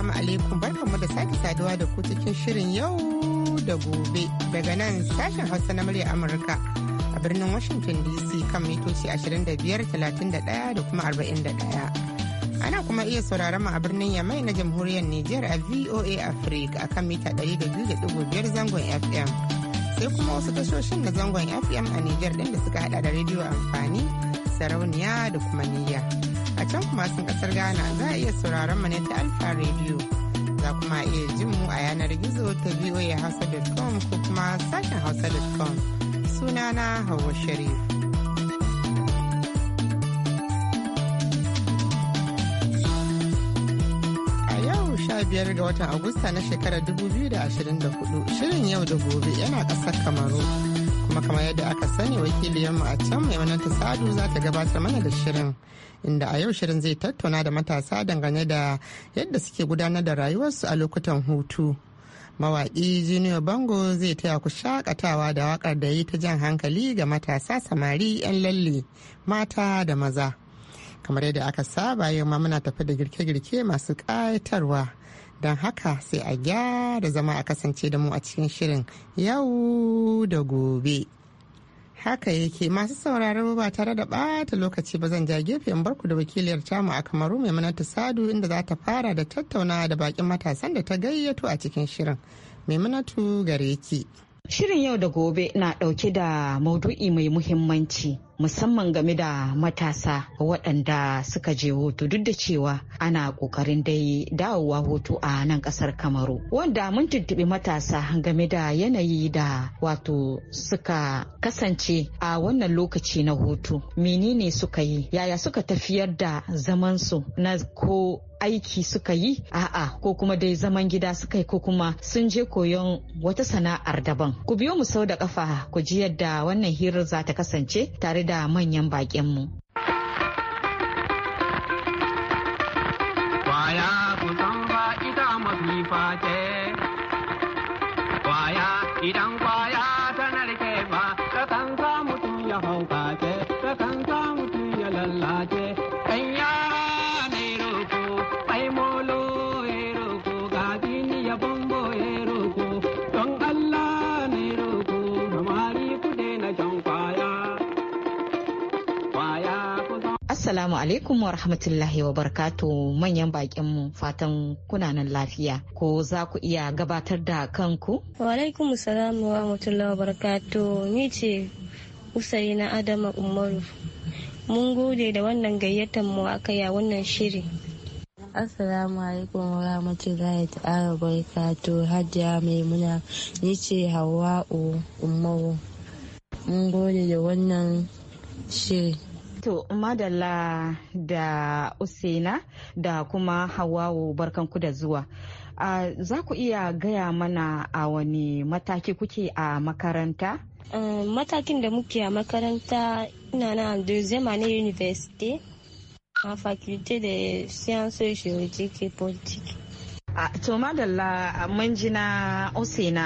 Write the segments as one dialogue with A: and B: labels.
A: Assalamu alaikum barkanmu da sake saduwa da ku cikin shirin yau da gobe daga nan sashen Hausa na murya Amurka a birnin Washington DC kan mitoci 25,31 da kuma 41. Ana kuma iya sauraron mu a birnin Yamai na jamhuriyar Nijar a VOA Africa a kan mita 200.5 zangon FM. Sai kuma wasu tashoshin da zangon FM a Nijar ɗin da suka hada da rediyo amfani sarauniya da kuma niyya a can kuma sun kasar ghana za a iya sauraron mu ne ta alfa radio za kuma a iya jin mu a yanar gizo ta voahausa.com ko kuma sashen hausa.com na hawa sharif biyar ga watan Agusta na shekarar 2024 shirin yau da gobe yana ƙasar Kamaru. kuma kamar yadda aka sani wakiliyarmu a can mai wani sadu za ta gabatar mana da shirin inda a yau shirin zai tattauna da matasa dangane da yadda suke gudanar da rayuwarsu a lokutan hutu mawaƙi junior bango zai taya ku shakatawa da wakar da yi ta jan hankali ga matasa samari 'yan lalle mata da maza kamar yadda aka saba yau ma muna tafi da girke-girke masu ƙayatarwa don haka sai a gyara zama a kasance da mu a cikin shirin yau da gobe haka yake masu sauraro ba tare da bata lokaci ba zan ja gefe in barku da wakiliyar tamu a kamaru mai manata sadu inda za ta fara da tattaunawa da bakin matasan da ta gayyato a cikin shirin mai manatu gare ki shirin yau da gobe na dauke da maudu'i
B: mai muhimmanci musamman game da matasa waɗanda suka je hoto duk da cewa ana ƙoƙarin dai dawowa hoto a nan ƙasar kamaru wanda mun tuntuɓi matasa game da yanayi da wato suka kasance a wannan lokaci na hutu menene suka yi yaya suka tafiyar da zamansu na ko aiki suka yi a'a ko kuma dai zaman gida suka yi ko kuma sun je koyon wata sana'ar daban ku biyo mu sau da kafa ku ji yadda wannan hirar za ta kasance tare da da manyan baƙinmu. Kwaya kusan ba ita mafi idan Assalamu alaikum wa rahmatullahi wa barkatu manyan bakinmu fatan kunanan lafiya. Ko za ku iya gabatar da kanku?
C: Wa alaikum salamu wa rahmatullahi wa barkatu ni ce Usaina Adama Umaru. Mun gode da wannan gayyatar mu aka ya wannan shiri. Assalamu alaikum wa rahmatullahi ta'ala barkatu Hajiya Maimuna ni ce Hawwa'u Umaru. Mun gode da wannan shiri. To, madalla da Usaina
B: da kuma Hawawu barkanku da zuwa. Uh, za ku iya gaya mana a wani mataki kuke a makaranta?
C: Eh, matakin da muke a makaranta ina na deuxième University, a en faculté de sciences juridiques et politiques. to madalla mun ji
B: na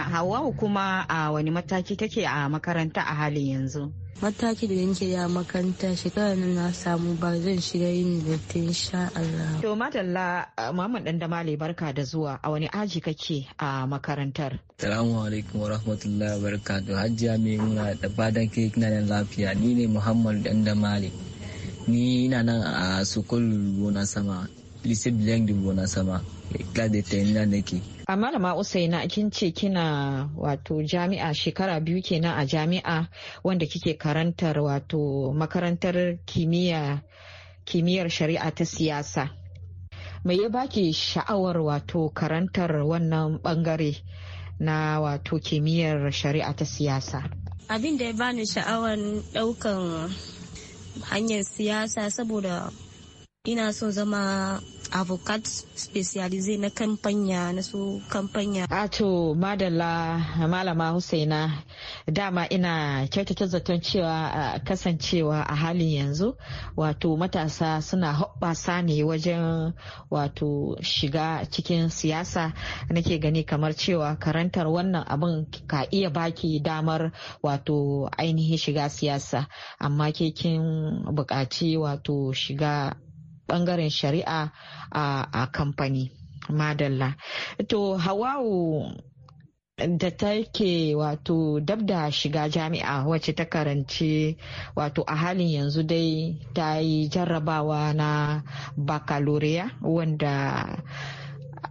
B: hawa kuma a wani mataki take a makaranta a halin yanzu
C: mataki da yanke ya makaranta shekarar nan na samu ba zan shiga university sha Allah.
B: To madalla Muhammad dan da male barka da zuwa a wani aji kake a
D: makarantar. Salamu alaikum wa rahmatullahi wa barakatuh. Hajjiya muna da badan ke kina da lafiya. Ni ne Muhammad dan da male. Ni ina nan a Sokol Bona Sama, Lise Bileng Bona Sama. ta yi determina nake
B: a malama usaina kin ce kina wato jami'a shekara biyu kenan a jami'a wanda kike karantar wato makarantar kimiyya kimiyyar shari'a ta siyasa mai ya baki sha'awar wato karantar wannan bangare na wato kimiyyar shari'a ta siyasa
C: abin da ya bani sha'awar daukan hanyar siyasa saboda ina so zama avocat specialize na kamfanya na su kamfanya. Ato
B: madalla malama Husaina dama ina kyautata zaton cewa kasancewa a halin yanzu wato matasa suna hoɓɓasa ne wajen wato shiga cikin siyasa nake gani kamar cewa karantar wannan abin ka iya baki damar wato ainihin shiga siyasa amma kekin kin buƙaci wato shiga bangaren shari'a a kamfani madalla to hawawu da ta ke wato dab da shiga jami'a wacce ta karanci wato a halin yanzu dai ta yi jarrabawa na bakaloriya wanda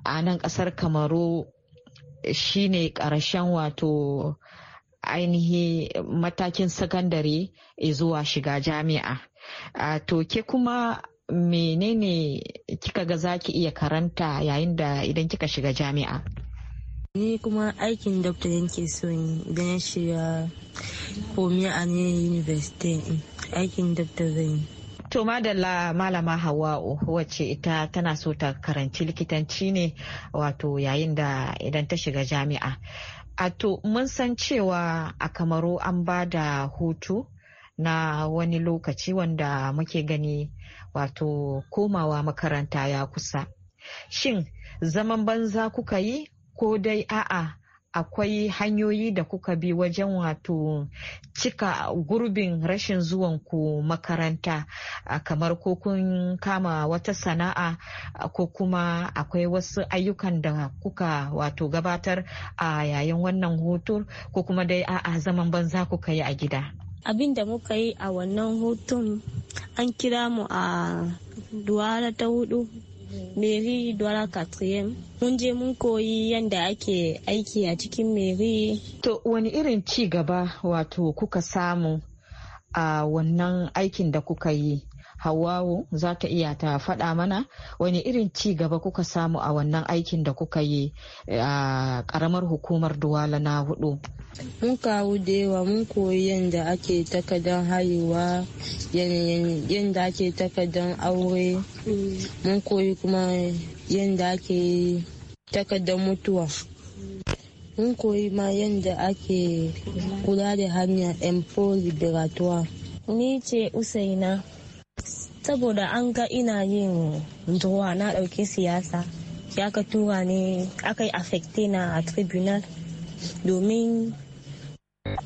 B: a nan kasar kamaru shine karshen wato ainihi matakin sakandare zuwa shiga jami'a to ke kuma menene kika ga zaki iya karanta yayin da idan kika shiga jami'a
C: ni kuma aikin dokta yanke son idan ya shiga komiya a ne university aikin dokta zan To madalla malama Hawa wacce
B: ita tana so ta karanci likitanci ne wato yayin da idan ta shiga jami'a. A to mun san cewa a Kamaru an ba da hutu na wani lokaci wanda muke gani wato komawa makaranta ya kusa shin zaman banza kuka yi ko dai a'a akwai hanyoyi da kuka bi wajen wato cika gurbin rashin zuwan ku makaranta kamar ko kun kama wata sana'a ko kuma akwai wasu ayyukan da kuka wato gabatar a yayin wannan hutu ko kuma dai a'a zaman banza kuka yi a gida
C: abin da muka yi a wannan hutun an kira mu a duwara ta hudu meri duwara katriyem mun je mun koyi yadda ake aiki a cikin meri
B: to wani irin ci gaba wato kuka samu a wannan aikin da kuka yi Hawawu za ta iya ta faɗa mana wani irin ci gaba kuka samu a wannan aikin da kuka yi a ƙaramar hukumar Duwala na hudu.
C: Mun kawo da yawa mun koyi yadda ake takadan haihuwa yadda ake takadan aure mun koyi kuma yadda ake takadan mutuwa. mun koyi ma yadda ake kula da hanyar empo liberatoire. Ni ce Usaina saboda an ga ina yin zuwa na ɗauki siyasa ya aka tura ne aka yi affecte na a tribunal domin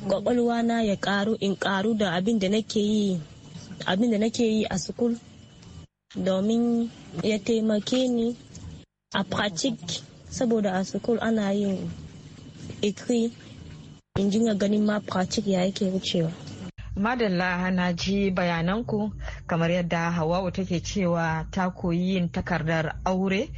C: kwakwalwa na ya karu in karu da abin da nake yi a sukul domin ya taimake ni a pratik saboda a sukul ana yin ikri in jinga ganin ma pratik ya yake wucewa
B: madalla hana ji bayananku kamar yadda hawawu take cewa ta koyi yin takardar aure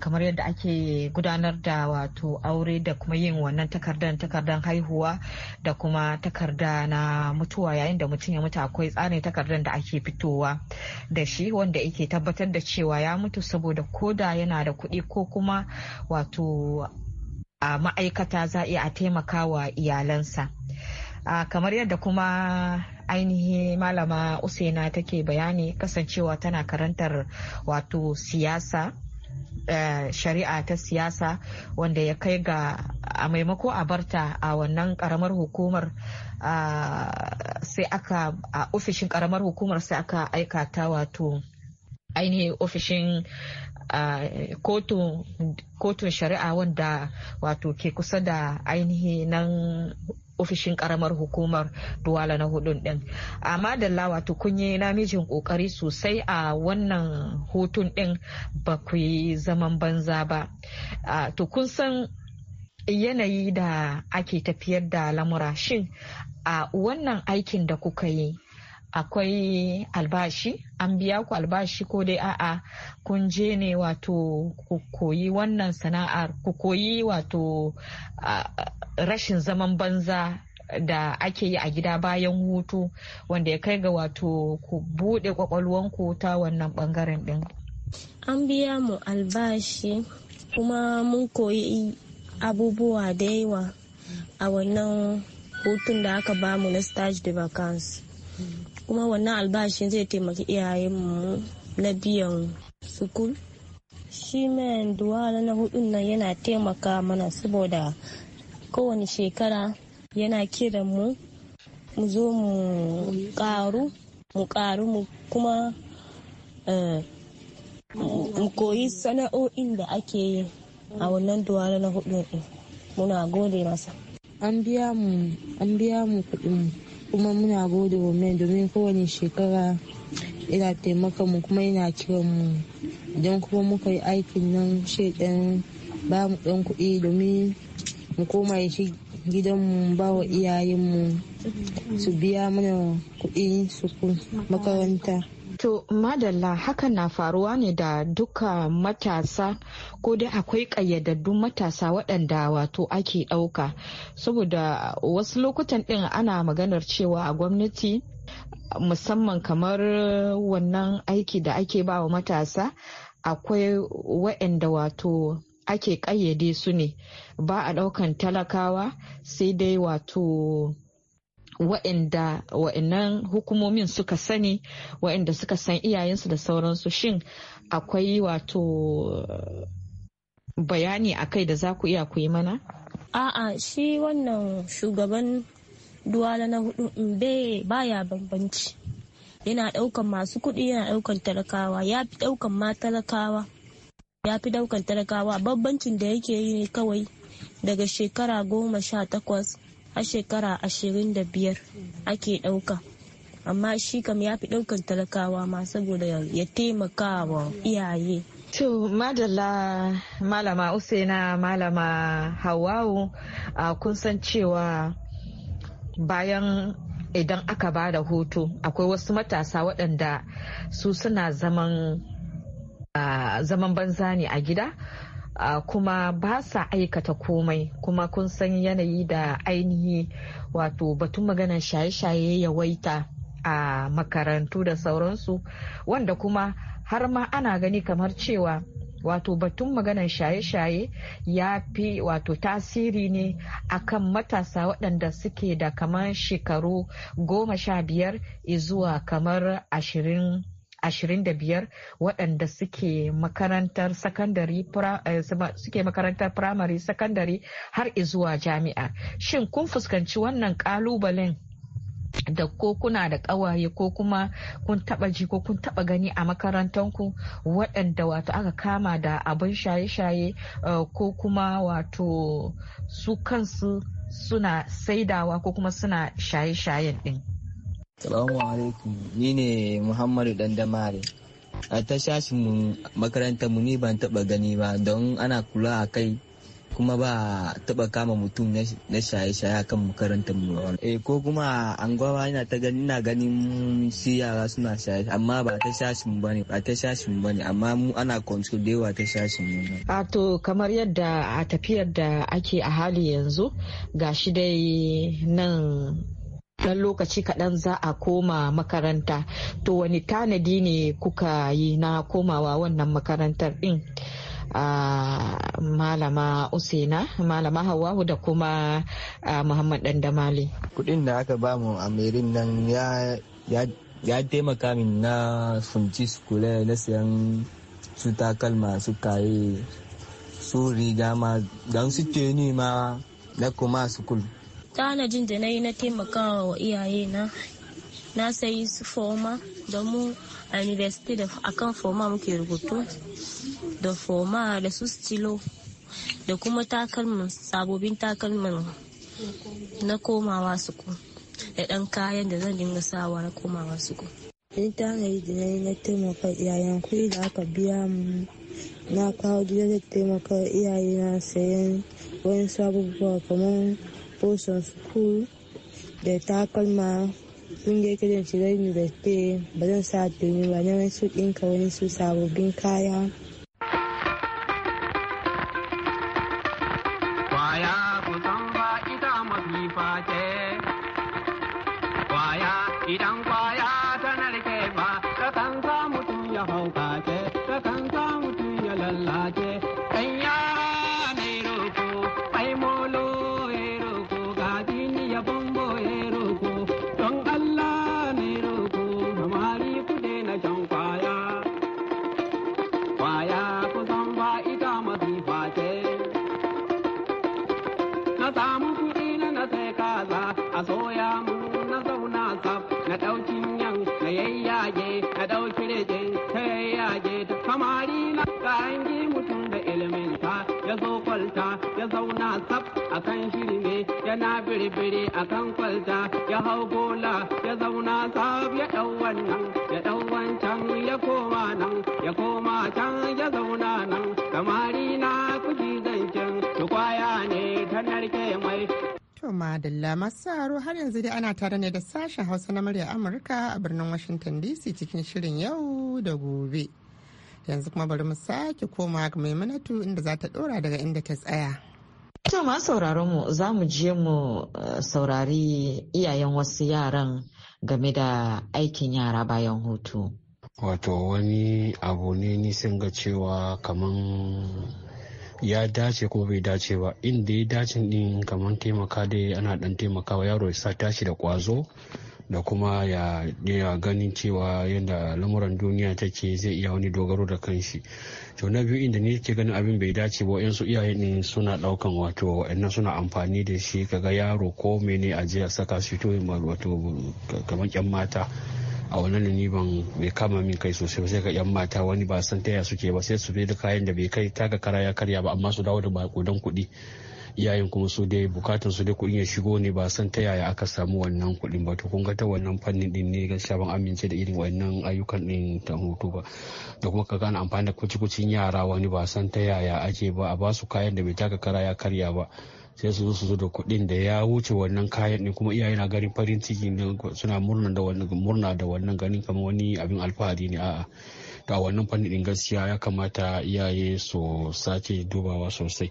B: kamar yadda ake gudanar da wato aure da kuma yin wannan takardar takardar haihuwa da kuma takarda na mutuwa yayin da mutum ya mutu akwai tsarin takardar da ake fitowa da shi wanda ake tabbatar da cewa ya mutu saboda ko da yana da kuɗi ko kuma wato a ma'aikata za a iya taimaka wa iyalansa kamar yadda kuma ainihi malama usaina take bayani kasancewa tana karantar wato siyasa Uh, shari'a ta siyasa wanda ya kai ga a maimako a barta a wannan karamar hukumar uh, sai aka a ofishin karamar hukumar sai aka aika ta wato ainihin ofishin uh, kotun shari'a wanda wato ke kusa da ainihin nan ofishin karamar hukumar duwala na hudun din amma da wato kun yi namijin kokari sosai a wannan hutun din ba ku yi zaman banza ba to kun san yanayi da ake tafiyar da lamura shin a wannan aikin da kuka yi akwai albashi an biya ku albashi ko dai a'a kun je ne wato ku koyi wannan sana'ar ku koyi wato rashin zaman banza da ake yi a gida bayan hutu wanda ya kai ga wato ku buɗe ku ta wannan bangaren ɗin.
C: an biya mu albashi kuma mun koyi abubuwa da yawa a wannan hutun da aka bamu na stage de vacances kuma wannan albashin zai taimaki iyayenmu na biyan sukul shi mai duwala na hudun nan yana taimaka mana saboda kowane shekara yana kiran mu mu zo mu karu mu karu mu kuma eh, mu koyi sana'o'in da ake yi a wannan duwala na hudun muna gode masa an biya mu kuɗin mu kuma muna gode wa mai domin kowane shekara yana taimaka mu kuma yana kiran mu idan kuma muka yi aikin nan shi ba mu dan kuɗi domin mu koma shi gidan mu ba wa iyayenmu su biya mana
B: kuɗi su makaranta To madalla haka na faruwa ne da duka matasa ko dai akwai ƙayyadaddun matasa waɗanda wato ake ɗauka saboda wasu lokutan ɗin ana maganar cewa a gwamnati musamman kamar wannan aiki da ake ba wa matasa akwai waɗanda wato ake ƙayyade su ne ba a ɗaukan talakawa sai dai wato wa'inda wa'innan hukumomin suka sani wa'inda suka san iyayensu da sauransu shin akwai wato bayani a kai da za ku iya ku yi mana?
C: A'a shi wannan shugaban duwala na hudu bai baya bambanci yana daukan masu kuɗi yana daukan talakawa ya fi daukan ma talakawa ya fi daukan talakawa bambancin da yake yi ne kawai daga shekara goma sha takwas a shekara ashirin da biyar ake ɗauka amma shi kam ya fi ɗaukan talakawa ma saboda ya taimaka wa iyaye To madalla malama usaina malama hawawu
B: a kun san cewa bayan idan aka ba da hoto akwai wasu matasa waɗanda su suna zaman banza ne a gida uh, kuma ba sa aikata komai kuma kun san yanayi da ainihi wato batun magana shaye-shaye yawaita a makarantu da sauransu wanda kuma har ma ana gani kamar cewa wato batun magana shaye-shaye ya fi wato tasiri ne akan matasa waɗanda suke da kamar shekaru goma sha biyar zuwa kamar ashirin 25 waɗanda suke makarantar sakandare eh, suke makarantar firamare sakandare har izuwa jami'a shin kun fuskanci wannan kalubalen da ko kuna da ƙawaye ko kuma kun taba ji ko kun taba gani a makarantanku waɗanda wato aka kama da abin shaye-shaye eh, ko kuma wato su kansu suna saidawa ko kuma suna shaye-shayen ɗin.
D: Salamu alaikum, ni ne Muhammadu Dandamare. A ta shashin makaranta mu ni ban taba gani ba don ana kula a kai kuma ba taba kama mutum na shaye-shaye a kan makaranta mu E ko kuma anguwa ina ta gani ina ganin shi yara suna shaye amma ba ta shashin ne ba ta shashin ne amma mu ana control da yawa ta shashin mu
B: a to kamar yadda a tafiyar da ake a hali yanzu gashi dai nan dan lokaci kaɗan za a koma makaranta to wani tanadi ne kuka yi na komawa wannan makarantar din a malama usaina malama hawahu da kuma muhammad damali
D: kudin da aka mu a merin nan ya taimaka min na funci sukule na siyan su takalma su kaye su riga ma don su ni ma na kuma sukul
C: tanajin da na yi na taimakawa wa iyaye na na sayi su foma da mu a university da akan foma muke rubutu da foma da su stilo da kuma takalmin sabobin takalmin na komawa su ku da dan kayan da zan dinga sawa na komawa su ku. in ta hanyar da yayi na taimaka iyayen kuɗi da aka biya mu na kawo gida da taimaka iyayena sayan wani sabubuwa kamar Oson school da takalma sun je kiran shiga university ba zan sa tuni ba na su ɗinka wani su sababbin kaya
E: biri a kan kwalta ya hau gola ya zauna sab ya ɗau wannan ya ɗau wancan ya koma nan ya koma can ya zauna nan kamari na kuji zancen su kwaya ne ta narke mai.
A: To madalla masu har yanzu dai ana tare ne da sashen hausa na murya Amurka a birnin Washington DC cikin shirin yau da gobe. Yanzu kuma bari mu sake koma ga Maimunatu inda za ta ɗora daga inda ta tsaya. To ma sauraron
B: mu za mu je mu eh, saurari iyayen wasu yaran game da aikin yara bayan hutu.
E: Wato wani abu ne nisan ga cewa kaman ya dace ko bai dace ba inda ya dace din kaman taimaka dai ana dan taimakawa yaro ya sa tashi da kwazo da kuma ya ganin cewa yadda lamuran duniya take zai iya wani dogaro da kanshi to na biyu inda ni ke ganin abin bai dace ba wa'yansu iyaye ne suna daukan wato wa'yannan suna amfani da shi kaga yaro ko mene a jiya saka su to wato kamar yan mata a wannan ne ban bai kama min kai sosai ba sai ga yan mata wani ba san taya suke ba sai su bi da kayan da bai kai taka kara ya karya ba amma su dawo da bakudan kuɗi yayin kuma su dai bukatun su dai kuɗin ya shigo ne ba san ta yaya aka samu wannan kuɗin ba to kun ga ta wannan fannin din ne gaskiya ban amince da irin wannan ayyukan din ta hutu ba da kuma kaga ana amfani da kucikucin yara wani ba san ta yaya ake ba a ba su kayan da bai taka kara ya karya ba sai su zo su zo da kuɗin da ya wuce wannan kayan ne kuma iyaye na ganin farin ciki suna murna da wannan murna da wannan ganin kamar wani abin alfahari ne a'a to a wannan fannin din gaskiya ya kamata iyaye su sace dubawa sosai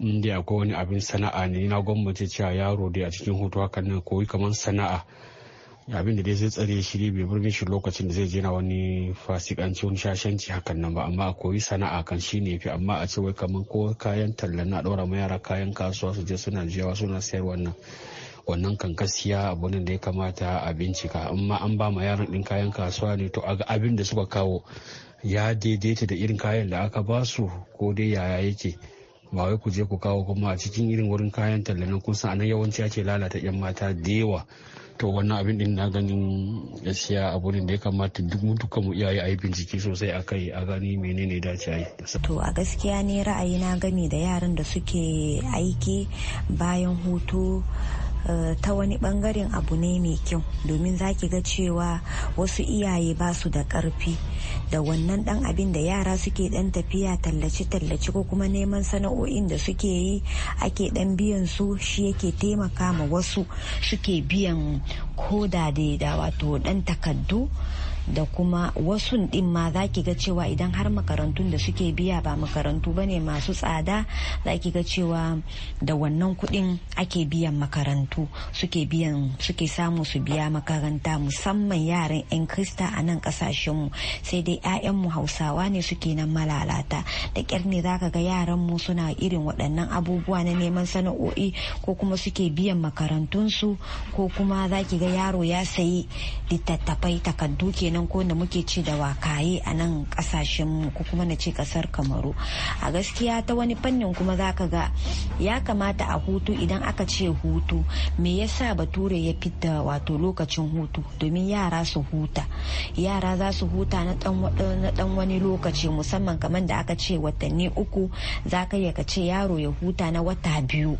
E: inda akwai wani abin sana'a ne na gwamnati cewa yaro dai a cikin hutu hakan nan koyi kamar sana'a abin da dai zai tsare shiri bai burge shi lokacin da zai je na wani fasikanci wani shashanci hakan nan ba amma a koyi sana'a kan shi ne fi amma a ce wai kamar ko kayan talla na ɗora ma yara kayan kasuwa su je suna jiyawa suna sayar wannan wannan kan gaskiya abu ne da ya kamata a bincika amma an ba ma yaran ɗin kayan kasuwa ne to abin da suka kawo ya daidaita da irin kayan da aka ba su ko dai yaya yake ba wai ku je ku kawo kuma a cikin irin wurin kayan talla nan kun san anan yawanci ake lalata yan mata da yawa to wannan abin din na ganin gaskiya abu ne da ya kamata duk mu duka mu iyaye a yi bincike sosai a kai a gani menene dace a yi to a
F: gaskiya ne ra'ayi na game da yaran da suke aiki bayan hutu Eh, ta wani bangaren abu ne mai kyau domin za ki ga cewa wasu iyaye ba su da karfi da wannan dan abin da yara suke dan tafiya tallace-tallace ko kuma neman sana'o'in da suke yi ake dan biyan su shi yake taimaka ma wasu suke biyan koda da wato dan takaddu da kuma wasu din ma za ga cewa idan har makarantun da suke biya ba makarantu ba ne masu tsada za ki ga cewa da wannan kudin ake biyan makarantu suke biyan suke samu su biya makaranta musamman yaran 'yan krista a nan kasashenmu sai dai mu hausawa ne suke nan malalata da ƙyar ne za ka ga yaranmu suna irin waɗannan abubuwa na neman sana'o'i ko kuma suke biyan makarantunsu ko kuma za ki ga yaro ya sayi littattafai takardu kenan kenan ko da muke ci da wakaye a nan kasashen ko kuma na ce kasar kamaru a gaskiya ta wani fannin kuma za ka ga ya kamata a hutu idan aka ce hutu me yasa bature ya fita wato lokacin hutu domin yara su huta yara za su huta na dan wani lokaci musamman kamar da aka ce watanni uku za ka ka ce yaro ya huta na wata biyu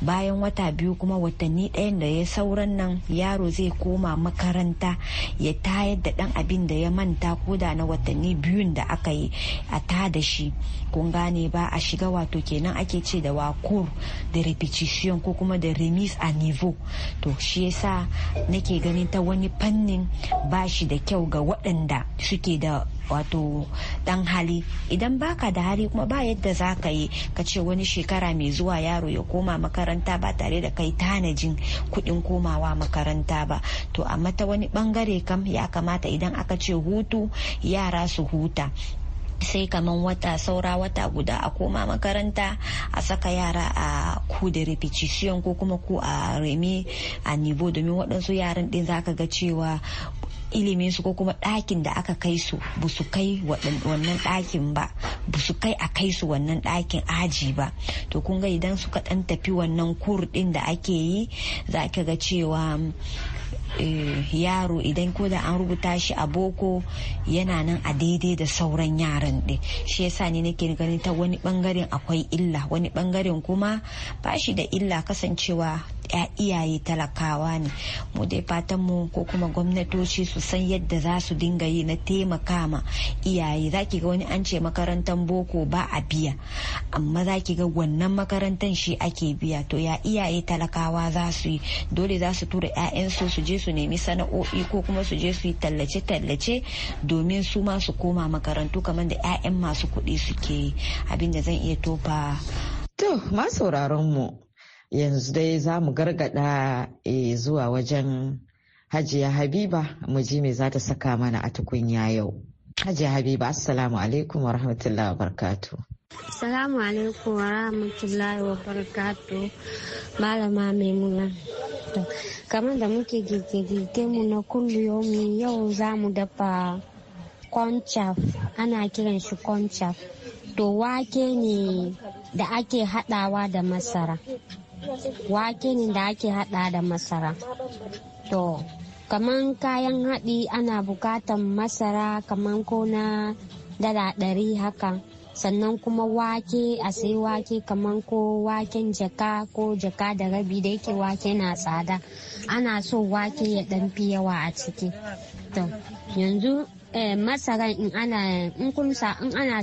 F: bayan wata biyu kuma watanni ɗayan da ya sauran nan yaro zai koma makaranta ya tayar da ɗan abin da ya manta ko da na watanni biyun da aka yi a ta da shi kun gane ba a shiga wato kenan ake ce da wakur da repetition ko kuma da remis a niveau to shi yasa nake ganin ta wani fannin ba shi da kyau ga waɗanda suke da wato dan hali idan baka da hali kuma ba yadda za ka yi ka ce wani shekara mai zuwa yaro ya koma makaranta ba tare da kai tanajin kudin komawa makaranta ba to amma ta wani bangare kam ya kamata idan aka ce hutu yara su huta sai kamar wata saura wata guda a koma makaranta a saka yara a ku da repetition ko kuma ku a remi a nivo domin waɗansu yaran ɗin zaka ga cewa ilimin su ko kuma ɗakin da aka kai su ba su kai wannan ɗakin ba ba su kai a kai su wannan ɗakin aji ba to kun ga idan suka ɗan tafi wannan kur ɗin da ake yi za ka ga cewa eh, yaro idan ko da an rubuta shi a boko yana nan a daidai da sauran yaran ɗin shi yasa ne nake ganin ta wani bangaren akwai illa wani bangaren kuma ba shi da illa kasancewa iyaye talakawa ne mu dai fatan mu ko kuma gwamnatoci su san yadda za su dinga yi na taimaka ma iyaye za ki ga wani an ce makarantar boko ba a biya amma za ki ga wannan makarantar shi ake biya to ya iyaye talakawa za su yi dole za su tura 'ya'yansu su je su nemi sana'o'i ko kuma su je su yi tallace-tallace domin su ma su koma makarantu kamar da 'ya'yan masu kuɗi suke abinda zan iya tofa To, masauraron mu
B: yanzu dai za mu gargada eh, zuwa wajen hajiya habiba mu ji me za ta saka mana a tukunya yau hajiya habiba assalamu alaikum wa rahmatullahi wa barakatu
G: assalamu alaikum wa rahmatullahi wa barakatu malama maimuna kamar da muke girke-girke mu na kulliyomi yau za mu dafa conchaf ana kiran shi conchaf to wake ne da ake hadawa da masara wake ne da ake hada da masara to kaman kayan haɗi ana bukatan masara kaman ko na dala ɗari haka sannan kuma wake a sai wake kaman ko waken jaka ko jaka da rabi da yake wake na tsada ana so wake ya ɗan fi yawa a ciki to yanzu Eh, masara in ana in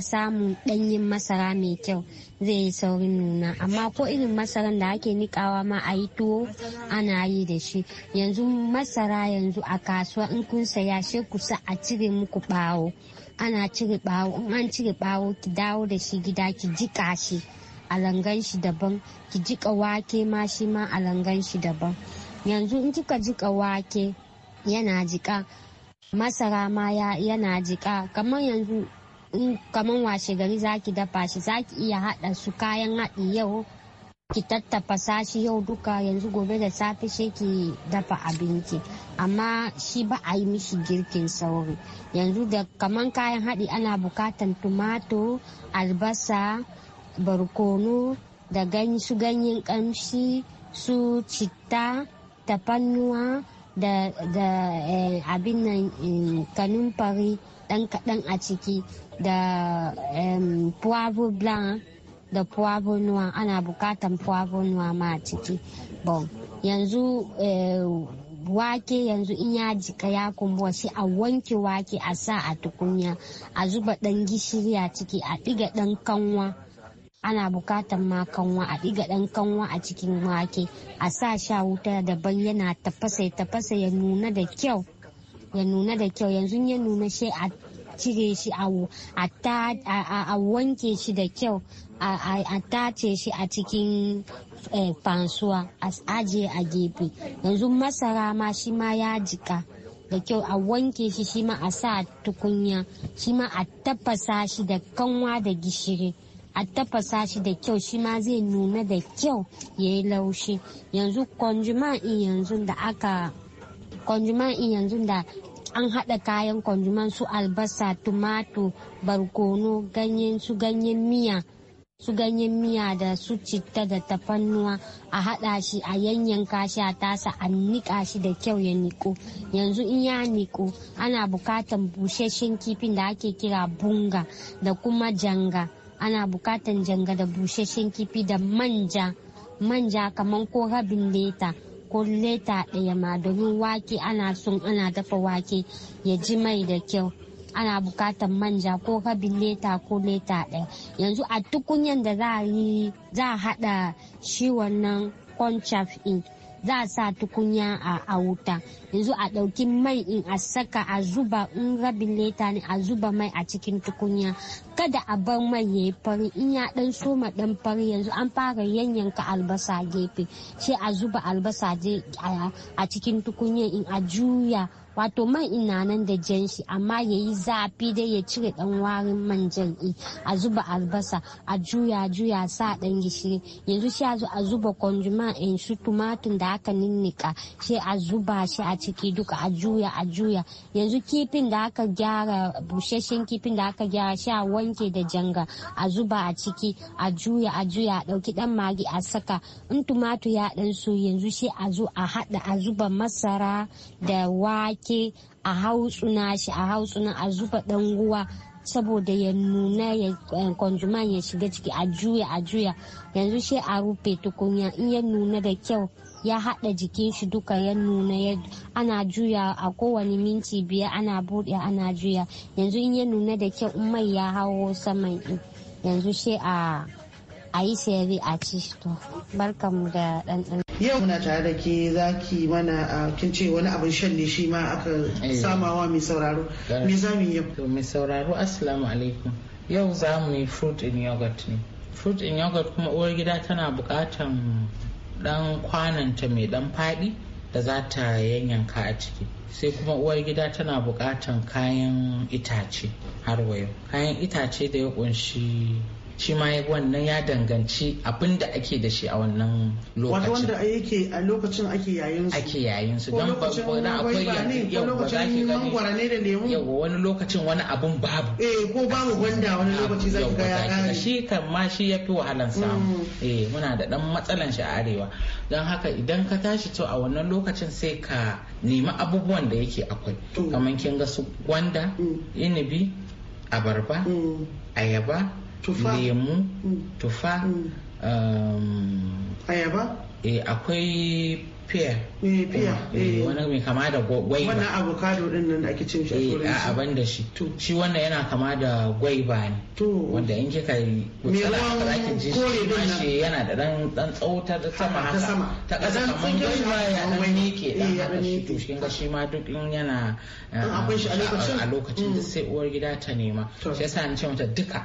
G: samun ɗanyen masara mai kyau zai yi saurin nuna amma ko irin masaran da ake nikawa ma a yi tuwo ana yi da shi yanzu masara yanzu a kasuwa in kun saya shi kusa a cire muku bawo ana cire bawo in an cire bawo ki dawo da shi gida ki jika shi a langan shi daban ki jika wake ma shi ma a langan shi daban yanzu in kika jika wake yana jika masara ma yana jika kamar yanzu kamar washe gari zaki dafa shi zaki iya haɗa su kayan haɗi yau ki tattafa sashi yau duka yanzu gobe da safe shi ki dafa abinci amma shi ba a yi mishi girkin sauri yanzu da kamar kayan haɗi ana bukatan tumato albasa barkono da ganyen su ganyen ƙamshi su citta tafannuwa da eh, abin nan fari dan kaɗan a ciki da poivre blanc da poivre noir ana bukatan poivre noir ma a ciki bon yanzu eh, wake yanzu in ya jika ya kumbuwa shi a wanke wake a sa a tukunya a zuba dan gishiri a ciki a ɗiga dan kanwa ana bukatan ma kanwa a ɗiga ɗan kanwa a cikin wake a sa sha wuta daban yana tafasa ya tafasa ya nuna da kyau ya nuna da kyau yanzu ya nuna shi a cire shi a wanke shi da kyau a tace shi a cikin eh, fansuwa a ajiye a gefe yanzu masara ma shi ma ya jika da kyau a wanke shi shi ma a sa tukunya shi ma a tafasa shi da kanwa da gishiri a tafasa shi da kyau shi ma zai nuna da kyau ya yi laushi yanzu kwanjuma in yanzu da an haɗa kayan kwanjuman su albasa tumatur barkono ganyen su ganyen miya su ganyen miya da su citta da tafannuwa a haɗa shi a yanyanka shi a tasa a niƙa shi da kyau ya niƙo yanzu in ya niƙo ana buƙatar busasshen kifin da ake kira bunga da kuma janga ana bukatan janga da busasshen kifi da manja manja kamar ko rabin leta ko leta ɗaya ma domin wake ana son ana dafa wake ya ji mai da kyau ana bukatan manja ko rabin leta ko leta ɗaya yanzu a tukunyan da za a yi za a haɗa shi wannan conchaf in za a sa tukunya a wuta yanzu a ɗauki mai in a saka a zuba in rabin leta ne a zuba mai a cikin tukunya kada a bar mai ya yi fari in ya ɗan soma ɗan fari yanzu an fara yanyanka albasa gefe sai a zuba albasa a cikin tukunya in a juya wato man ina nan da jan shi amma ya yi zafi dai ya cire dan warin man jan a zuba albasa a juya juya sa dan gishiri yanzu shi a a zuba konjuma in shi tumatun da aka ninnika shi a zuba shi a ciki duka a juya a juya yanzu kifin da aka gyara busasshen kifin da aka gyara shi a wanke da janga a zuba a ciki a juya a juya a dauki dan magi a saka in tumatur ya dan so yanzu shi a zo a hada a zuba masara da wake haske a hautsuna shi a hautsuna a zuba ɗan ruwa saboda ya nuna ya eh, ya shiga ciki a juya a juya yanzu shi a rufe tukunya in ya nuna da kyau ya haɗa jikin shi duka ya nuna ya ana juya a kowane minti biyar ana buɗe ana juya yanzu in ya nuna da kyau in mai ya hawo saman yanzu shi a a yi sayari a ci to barkamu da
H: ɗanɗan yau muna tare da ke za ki mana kin ce wani abin shan ne shi ma aka eh. samawa mai sauraro me za mu yau to mai sauraro assalamu alaikum yau za mu yi fruit in yogurt ne fruit in yogurt kuma uwar gida tana bukatan dan kwananta mai dan fadi da za ta yanyanka a ciki sai kuma uwar gida tana bukatan kayan itace har wayo kayan itace da ya kunshi shi ma wannan ya danganci abin da ake da shi a wannan lokacin wanda yake a lokacin ake yayin su ake yayin su don ba wani akwai yanzu yau ba ne da lemu yau wani lokacin wani abun babu eh ko babu gwanda wani lokaci za ga ya kare shi kan ma shi yafi wahalan mm. samu eh muna da dan matsalan shi a arewa don haka idan ka tashi to a wannan lokacin sai ka nemi abubuwan da yake akwai mm. kamar kin ga su gwanda mm. inibi abarba ayaba lemu mm. tufa mm. Um, ayaba eh, akwai pear eh, eh, wani mai kama da gwaiba wannan avocado din nan da ake cin shi a abin da shi shi wannan yana kama da gwaiba ne wanda in kika yi kutsala haka zaki ji shi shi yana da dan dan tsauta da sama haka ta kasa kaman gwaiba ya ne ke dan haka shi to shi ga shi ma duk in yana um, a lokacin da sai uwar gida ta nema shi yasa an ce mata duka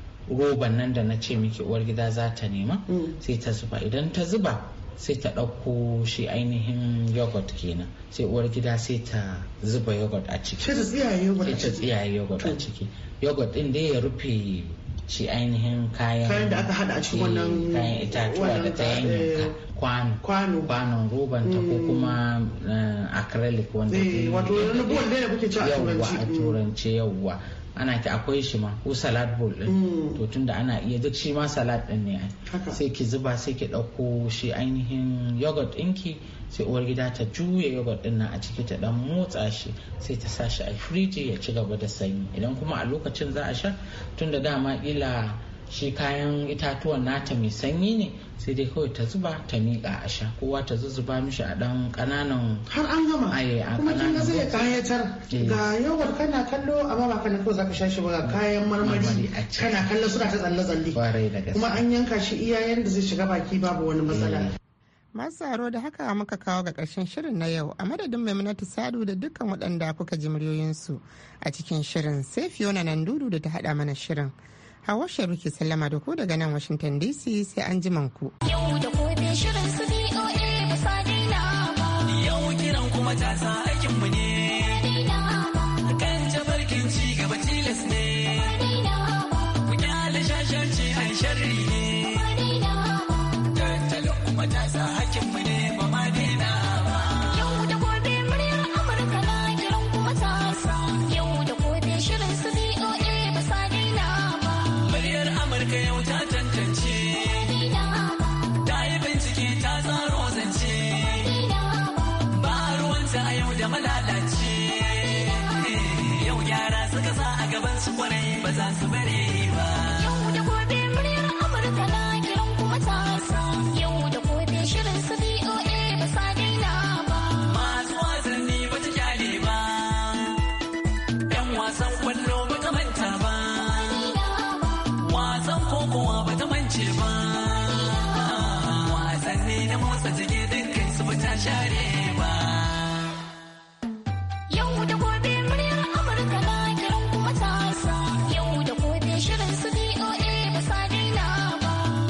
H: roban nan da na ce miki uwar gida za ta nema mm. sai ta zuba idan ta zuba sai ta ɗauko shi ainihin yogurt kenan sai uwar gida sai ta zuba yogurt a ciki sai ta tsiyaye yogurt a ciki yogurt din dai ya rufe shi ainihin kayan kayan da aka hada a cikin wannan kayan itatuwa da ta eh, yanka kwano kwano kwanon roban ta ko mm. kuma eh, acrylic wanda eh, wato wani buwan da kuke ci a turanci yawwa a turanci yawwa ana ki akwai shi ma ko salad bowl din mm. to tunda ana iya duk shi ma salad din ne sai ki zuba sai ki ɗauko shi ainihin yogurt ɗinki sai uwar gida ta juya yogurt din nan a ciki ta dan motsa shi sai ta sa shi a firiji ya ci gaba da sanyi idan kuma a lokacin za a sha tunda dama ila shi kayan itatuwan nata mai sanyi ne sai dai kawai ta zuba ta miƙa a sha kowa ta zuzzuba mishi a ɗan ƙananan har an gama a kuma kin ga zai kayatar eh. ga yogurt kana kallo amma ba kana kawai zaka sha shi ba kayan marmari kana kallo suna ta tsalle tsalle kuma an yanka shi iyayen da zai shiga baki babu wani matsala eh.
A: masu tsaro da haka muka kawo ga ƙarshen shirin na yau a madadin maimunatu sadu da dukkan waɗanda kuka ji muryoyinsu a cikin shirin sai fiona nan dudu da ta haɗa mana shirin hawa sharuki sallama da ku daga nan washington dc sai an ku